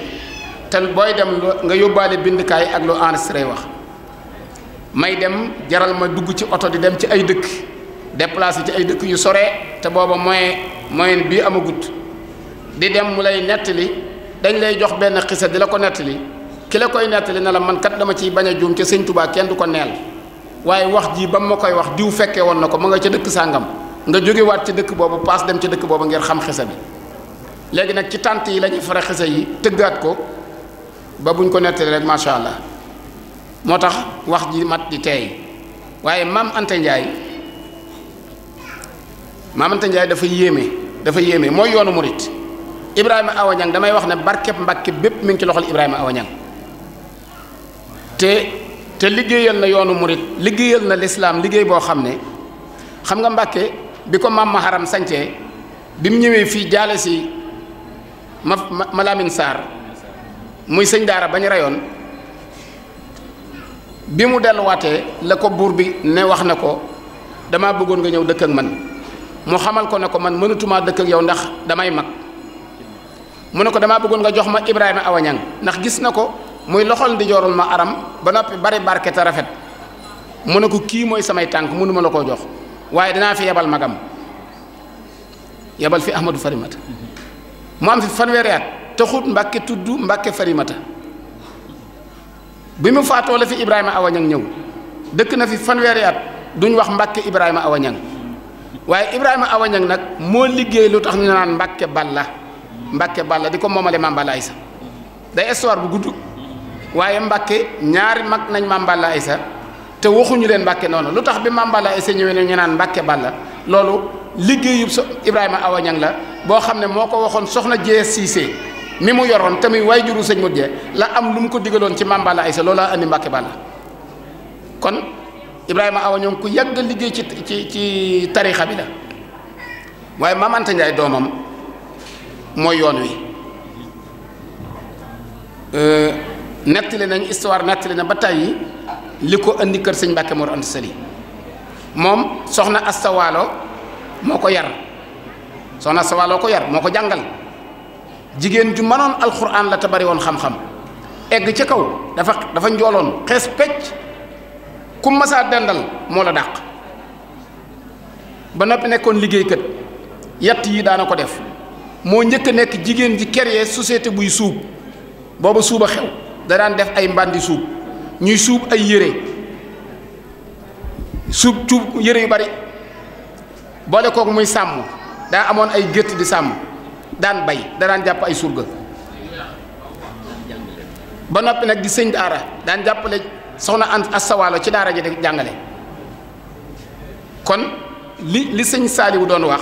te booy dem nga yóbbaale bindukaay ak lu enregistré wax may dem jaral ma dugg ci oto di dem ci ay dëkk déplacé ci ay dëkk yu sore te booba moyen moyen bii amagut di dem mu lay nettali dañ lay jox benn xisa di la ko nettali ki la koy nettali ne la man kat dama ciy bañ a juum ca sëñ Tuubaa kenn du ko neel waaye wax jii ba mu ma koy wax diw fekkee woon na ko mu nga ca dëkk sàngam nga jógewaat ci dëkk boobu paas dem ci dëkk boobu ngir xam xisa bi léegi nag ci tànt yi la ñuy fara xisa yi tëggaat ko ba buñ ko nettali rek macha allah. moo tax wax ji mat di teey waaye maam Anta Ndiaye maam Anta Ndiaye dafa yéeme dafa yéeme mooy yoonu murit Ibrahima Awa damay wax ne barkeb Mbàkke bépp mi ngi ci loxol Ibrahima Awa te te liggéeyal na yoonu murit liggéeyal na lislaam liggéey boo xam ne xam nga Mbàkke bi ko maam Maharam sancee bi mu ñëwee fii jaale si ma Malamine Sarr muy sëñ daara bañ reyoon bimu mu waté la ko buur bi ne wax nako dama bëggon nga ñëw dëkk ak man mu xamal ko nako ko man mënatumaa dëkk ak yow ndax damay mag mu nako dama bëggon nga jox ma Ibrahima Awañang ndax gis nako muy loxol di jorul ma aram ba nopi bari barke ta rafet mu nako ki moy samay tànk mënuma la jox waye dina fi yabal magam yabal fi ahmadu Farimata mu am fi fanweeri taxut mbacké tuddu mbacké Farimata bi mu faatoo la fi Ibrahima Awañang ñëw dëkk na fi fanweeri at duñ wax Mbàkke Ibrahima Awañang waaye Ibrahima Awañang nag moo liggéey lu tax ñu naan Mbàkke Balla Mbàkke Balla di ko moomale Maam Balla Aysa day histoire bu gudd waaye Mbàkke ñaari mag nañ Maam Balla Aysa te waxuñu leen Mbàkke noonu lu tax bi Maam Balla Aysa ñëwee ne ñu naan Mbàkke Balla loolu liggéeyub so Ibrahima Awañang la boo xam ne moo ko waxoon soxna Jee Siise ni mu yoron tammi wayjuru seigne juru la am lum ko digaloon ci mamba la Aysa lola andi mbake bala kon Ibrahima Awa ñoom ku yàgg liggéey ci ci ci tariikha bi la way mamanta ndjay domam moy yoon wi euh, nettali nañ histoire nettali na batay yi liko andi keur seigne mbake Mor Anta Sali mom soxna astawalo moko yar soxna astawalo ko yar moko jangal jigéen ju mënoon alxuraan la te bari woon xam-xam egg ci kaw dafa dafa njooloon xees pecc ku masaa dendal moo la dàq ba noppi nekkoon liggéeykat yatt yi daana ko def moo njëkk nekk jigéen ji créer société buy suub booba suuba xew da daan def ay mbàndi suub ñuy suub ay yére suub cuub yére yu bari boole kook muy sàmm daa amoon ay gétt di sàmm daan bay da daan jàpp ay surga ba noppi nag di sëñ daara daan jàppale soxna asawaalo ci daara ji di jàngale kon li li sëñ saaliwu doon wax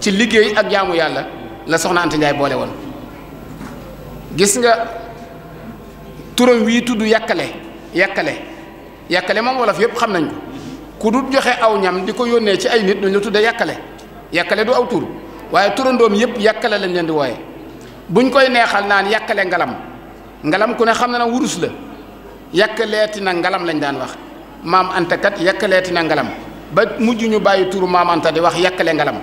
ci liggéey ak jaamu yàlla la soxna Anta Ndiaye boole woon gis nga turam wii tudd yàkkale yàkkale yàkkale moom wolof yëpp xam nañ ko ku dul joxe aw ñam di ko yónnee ci ay nit dañ la tudde yàkkale yàkkale du aw tur waaye turandoom yëpp yàkkale lañ leen di wooye buñ koy neexal naan yàkkale ngalam ngalam ku ne xam na na wurus la yàkkaleeti na ngalam lañ daan wax maam Anta kat yàkkaleeti na ngalam ba mujj ñu bàyyi turu maam di wax yàkkale ngalam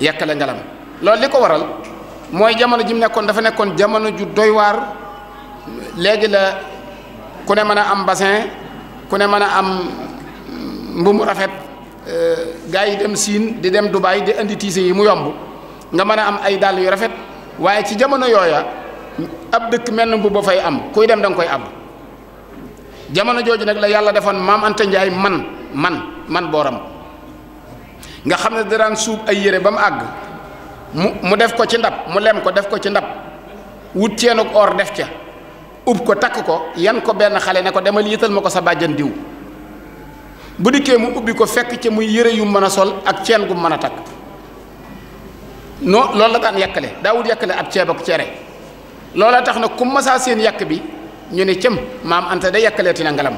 yàkkale ngalam loolu li ko waral mooy jamono ji mu nekkoon dafa nekkoon jamono ju doy waar léegi la ku ne mën a am bassin ku ne mën a am mbumu rafet. Eh, gaay dem sin, di dem dubai di andi tissé yi mu yomb nga mëna am ay dal yu rafet waye ci jamono yoya ab dekk mel bu ba fay am kuy dem dang koy ab jamono joju nak la yalla defon mam anta ndjay man man man boram nga xamne da ran suub ay yere bam ag mu def ko ci ndab mu lem ko def ko ci ndab wut or def ci ub ko tak ko yan ko ben xale ne ko demal yital mako sa badjan diw bu dikkee mu ubbi ko fekk ca muy yére yu mën a sol ak ceen gu mën a takk non loolu la daan yàkkale daawul yàkkale ab ceeb ak cere loola tax na ku masaa seen yàkk bi ñu ne cëm maam anta day yàkkaleeti na ngalam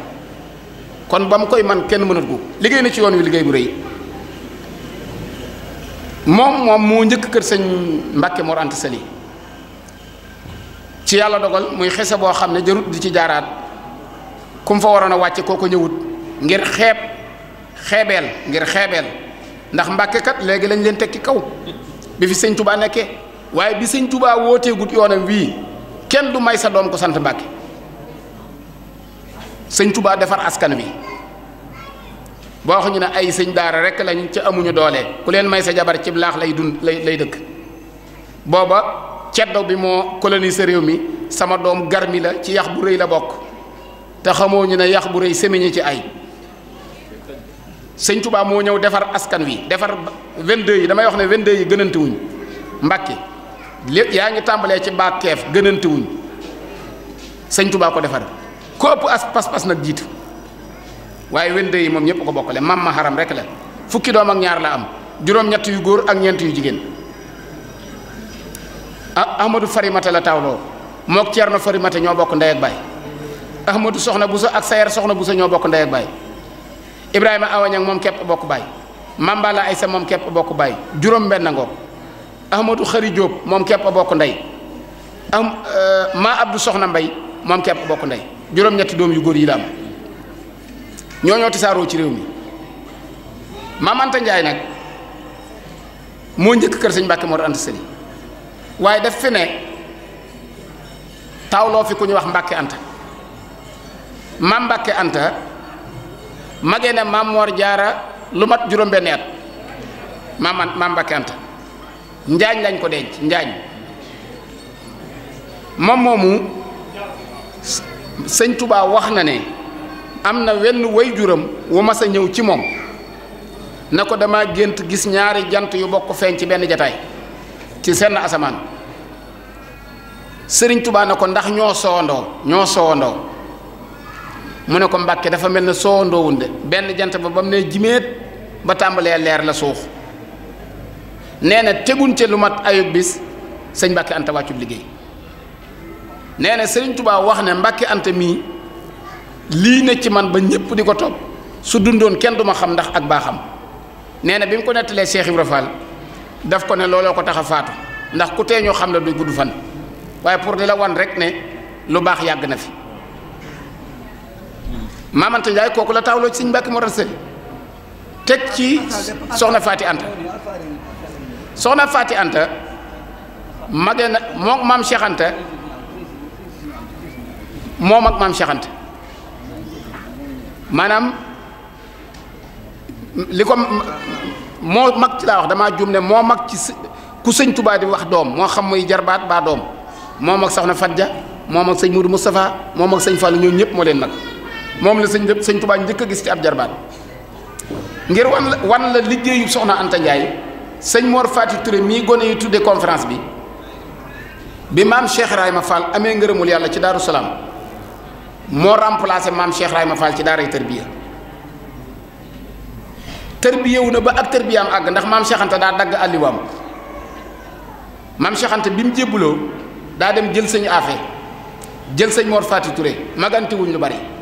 kon ba mu koy man kenn mënut gu liggéey na ci yoon wi liggéey bu rëy moom moom moo njëkk kër sëñ Mbàkke Mor Anta Sali ci yàlla dogal muy xese boo xam ne jarut di ci jaaraat ku mu fa waroon a wàcce koo ko ñëwut ngir xeeb xeebeel ngir xeebeel ndax mbàkke léegi lañ leen teg ci kaw bi fi sëñ tubaa nekkee waaye bi sëñ tubaa wooteegut yoonam wii kenn du may sa doom ko sant mbàkke sëñ tubaa defar askan wi boo wax ñu ne ay sëñ daara rek lañ ci amuñu doole ku leen may sa jabar ci laax lay dund lay lay dëkk booba ceddo bi moo coloniser réew mi sama doom garmi la ci yax bu rëy la bokk te xamoo ñu ne yax bu rëy semiñi ci ay sëñ tubaa moo ñëw defar askan wi defar 22 yi damay wax ne 22 yi gënantewuñ wuñ lépp yaa ngi tàmbalee ci Bakeef gënante wuñ sëñ tubaa ko defar ko ëpp as pas-pas nag jiit waaye 22 yi moom ñëpp ko bokkale mam ma xaram rek la fukki doom ak ñaar la am juróom-ñett yu góor ak ñeent yu jigéen ah Ahmadou farimate la tawloo mook Ceerno Farimata ñoo bokk ndey ak baay Ahmadou soxna bu sa ak sa Sayer soxna bu sa ñoo bokk ndey ak baay Ibrahima Awañang moom képp bokk baay Mambala Aysa moom képp bokk baay juróom-benn ngoog Ahmadou Xari Diop moom képp bokk ndey am euh, maa Soxna Mbay moom képp bokk ndey juróom doom yu góor yi la am ñoo ci réew mi Maam Anta Njaay nag moo njëkk kër sëñ Mbàkke Mor Anta Sali waaye def fi ne tawloo fi ku ñu wax Mbàkke Anta maam Mbàkke Anta magee na maam Jaara lu mat juróom-benni at maam maam Mbàkke Anta njaañ lañ ko denc njaañ moom moomu sëñ Touba wax na ne am na wenn way juram wu mas a ñëw ci moom na ko dama gént gis ñaari jant yu bokk feeñ ci benn jataay ci seen asamaan sëriñ tubaa na ko ndax ñoo soowandoo ñoo soowandoo mu ne ko mbàkke dafa mel ne soo ndoowun de benn jant ba ba mu ne jimeet ba tàmbalee leer la suux nee na teguñ ca lu mat ayub bis sëñ mbàkke anta wàccub liggéey nee na sëriñ tubaa wax ne mbàkke anta mii lii ne ci man ba ñëpp di ko topp su dundoon kenn duma xam ndax ak baaxam nee na bi mu ko nettalee Cheikh Ibra Fall daf ko ne looloo ko tax a faatu ndax ku tee ñoo xam la du gudd fan waaye pour di la wan rek ne lu baax yàgg na fi maamanta Njaay kooku la taawloo ci sëñ Mbàkke Mor Anta Sali teg ci soxna Faati Anta soxna Faati Anta mage na moom maam Cheikh Anta moom maanaam li ko moo mag ci laa wax damaa juum ne moo mag ci ku sëñ Tuubaa di wax doom moo xam muy jarbaat baa doom moom ak fan Fadja moom ak sëñ Moudou Moustapha moom ak sëñ Fallou ñoom ñëpp moo leen mag moom la sëñ sëñ Tuubaa njëkk a gis ci ab jarbaat ngir wan la wan la liggéeyu soxna Anta Ndiaye sëñ Mor Faati Touré mii gone yi tuddee conférence bi bi maam Cheikh ma Fall amee ngërëmul yàlla ci Daaru Salaam moo remplacé maam Cheikh ma Fall ci daaray tërbiya tërbiyewu na ba ak tërbiyaam àgg ndax maam Cheikh Anta daa dagg àlliwaam maam Cheikh bi mu jébbuloo daa dem jël sëñ Afe jël sëñ Mor Faati Touré magante wuñ lu bari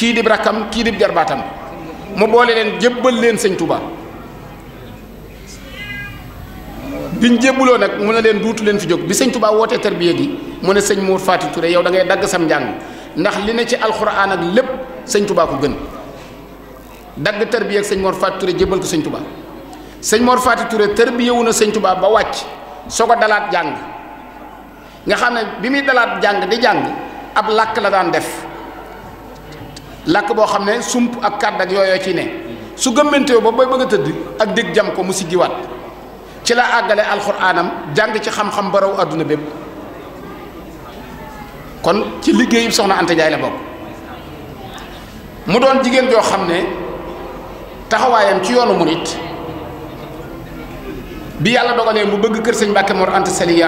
kiri di kiri ki di jarbaatam mu bolé len djebbal len seigne tuba biñ djebulo nak mu na len doutu len fi jóg bi seigne tuba wote tarbiya gi mu ne seigne mour fatou touré yow da ngay dag sam jang ndax li ne ci alcorane ak lepp seigne tuba ko gën dag tarbiya ak seigne mour fatou touré djebbal ko seigne tuba seigne mour fatou touré tarbiya wu na seigne tuba ba wacc soko dalat jang nga xamne bi mi dalat jang di jang ab lak la daan def làkk boo xam ne sump ak kàdd ak yooyoo ci ne su gëmmantewoo ba bay bëgg a tëdd ak dégg jam ko mu siggiwaat ci la àggale alxuraanam jàng ci xam-xam ba àdduna bépp kon ci liggéeyu soxna Anta Ndiaye la bokk mu doon jigéen joo xam ne taxawaayam ci yoonu murit bi yàlla dogalee mu bëgg kër sëñ Mbàkke Mor Anta Sali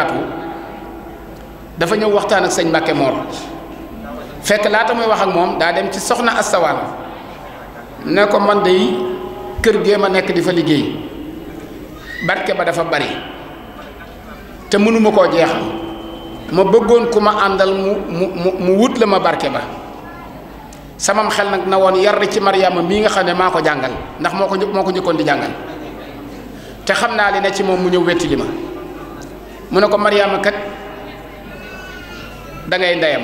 dafa ñëw waxtaan ak sëñ Mbàkke Mor fekk laata muy wax ak moom daa dem ci soxna astawaan ne ko man day kër gee ma nekk di fa liggéey barke ba dafa bari te mënuma koo jeexal ma bëggoon ku ma àndal mu mu mu wut la ma barke ba samam xel nag na woon yar ci mariama mii nga xam ne maa ko jàngal ndax moo ko moo di jàngal te xam li ne ci moom mu ñëw wetti li ma ko mariama kat da ngay ndeyam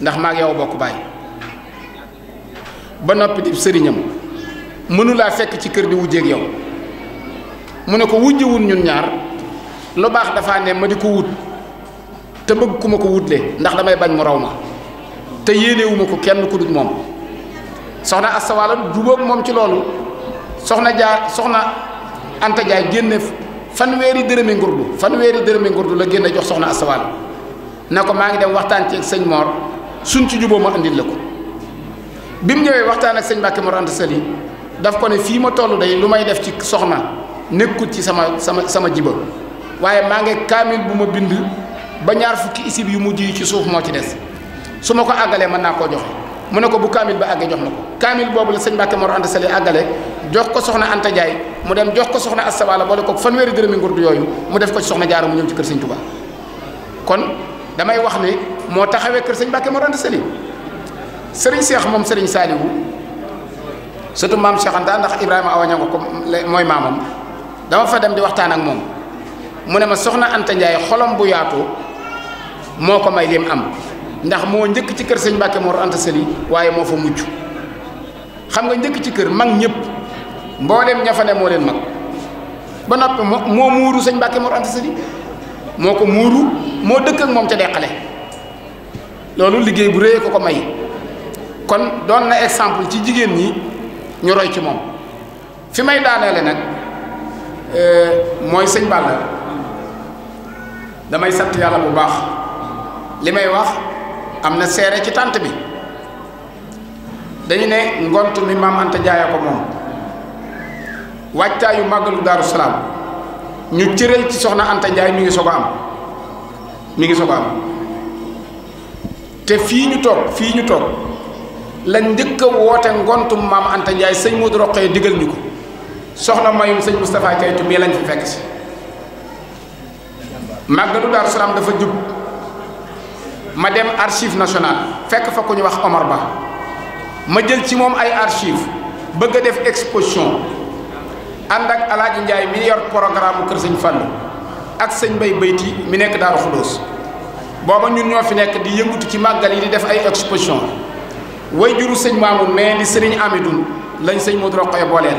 ndax maag yow bokk baay ba noppi di sëriñam mënulaa fekk ci kër di wujjeeg yow mu ne ko wujjewul ñun ñaar lu baax dafa ne ma di ko wut te bëgg ku ko wutlee ndax damay bañ mu raw ma te yéenewuma ko kenn ku dul moom soxna astawaala jubóog moom ci loolu soxna jaar soxna anta jaay génne fanweeri dërëmi ngurdu fanweeri dërëmi ngurdu la génne jox soxna astawaala na ko maa ngi dem waxtaan ci ak sëñ Mor suñ ci juboo ma andil la ko bi mu ñëwee waxtaan ak sëñ Mbàkke Mor Anta Sali daf ko ne fii ma toll day lu may def ci soxna nekkut ci sama sama sama jiba waaye maa ngi kaamil bu ma bind ba ñaar fukki isib yu mujj yi ci suuf moo ci des su ma ko àggalee mën naa koo joxe mu ne ko bu kaamil ba àggee jox na ko kaamil boobu la sëñ Mbàkke Mor Anta Sali àggale jox ko soxna Anta Jaay mu dem jox ko soxna Astawaala boole ko fanweeri dërëmi ngurdu yooyu mu def ko ci soxna Jaara mu ñëw ci kër sëñ Tuubaa kon damay wax ne mo taxawé keur seigne bakay mo Anta seli seigne cheikh mom seigne salihu sotu mam Cheikh Anta ndax ibrahim awanya ko moy mamam dama fa dem di waxtan ak mom mune ma soxna Anta ndjay xolam bu yaatu moko may lim am ndax mo njëkk ci keur seigne bakay Mor Anta seli waye mo fa muccu xam nga njëkk ci keur mag ñëpp mboolem ña fa ne mo len mag ba mo muuru seigne bakay Mor Anta seli moko muuru moo ak mom ca dekkale loolu liggéey bu rëy ko ko may kon doon na exemple ci jigéen ñi ñu roy ci moom fi may daaneele nag euh, mooy sëñ Balla damay sant yàlla bu baax li may wax am na seere ci tànt bi dañu ne ngont mi maam Anta Jaay ko moom yu màggalu Daaru Salaam ñu cëral ci soxna Anta Njaay ngi soog a am mu ngi soog a am te fii ñu toog fii ñu toog la njëkk a woote ngontum maam Anta Ndiaye sëñ Modou Rokhaya digal ñu ko soxna mayum sëñ Moustapha Caytu mii lañ fi fekk si màggalu Daaru Salaam dafa jub ma dem archive nationale fekk fa ko ñu wax Omar Ba ma jël ci moom ay archive bëgg a def exposition ànd ak Alaaji Ndiaye mi yor programme kër sëñ Fallou ak sëñ Mbay Bayti mi nekk Daaru Xudóos booba ñun ñoo fi nekk di yëngutu ci màggal yi di def ay exposition way juru sëñ Maamun mais li sëriñ Amidun lañ sëñ Modou Rokhaya booleel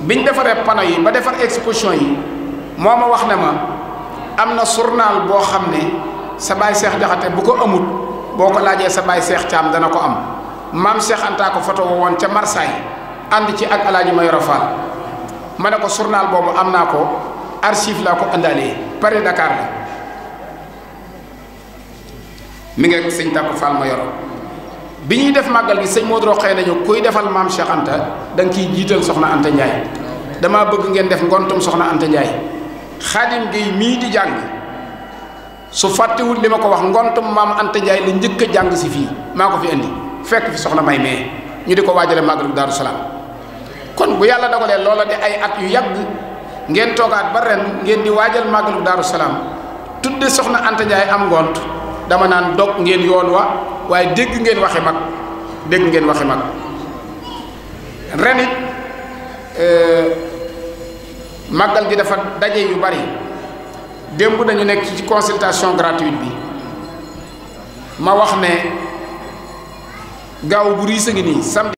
biñ defaree pano yi ba defar exposition yi moo ma wax ne ma am na journal boo xam ne sa baay Seex Jaxate bu ko amut boo ko laajee sa baay Seex Caam dana ko am maam Seex Anta ko photo woon ca Marseille ànd ci ak Alaaji Mayoro Fall ma ne ko journal boobu am naa ko archive laa ko àndaalee pare Dakar la mi ngeek ak tabu tàkku fall ma yor biñuy def magal gi sëñ modro Rokhaya nañu kuy defal mam Cheikh Anta dang ki jital soxna Anta nyaay dama bëgg ngeen def ngontum soxna Anta nyaay khadim gi mi di jang su fatte wul ma ko wax ngontum mam Anta nyaay la ñëk jang ci fi mako fi andi fekk fi soxna may me ñu diko wajale magal daru salam kon bu yalla dagale loola di ay at yu yag ngeen togaat ba ren ngeen di wajal magal daru salam tudde soxna Anta nyaay am ngont dama naan dog ngeen yoon wa waaye dégg ngeen waxe mag dégg ngeen waxe mag ren it euh, màggal gi dafa daje yu bari démb dañu nekk ci consultation gratuite bi ma wax ne gaaw bu riis a ngi nii samedi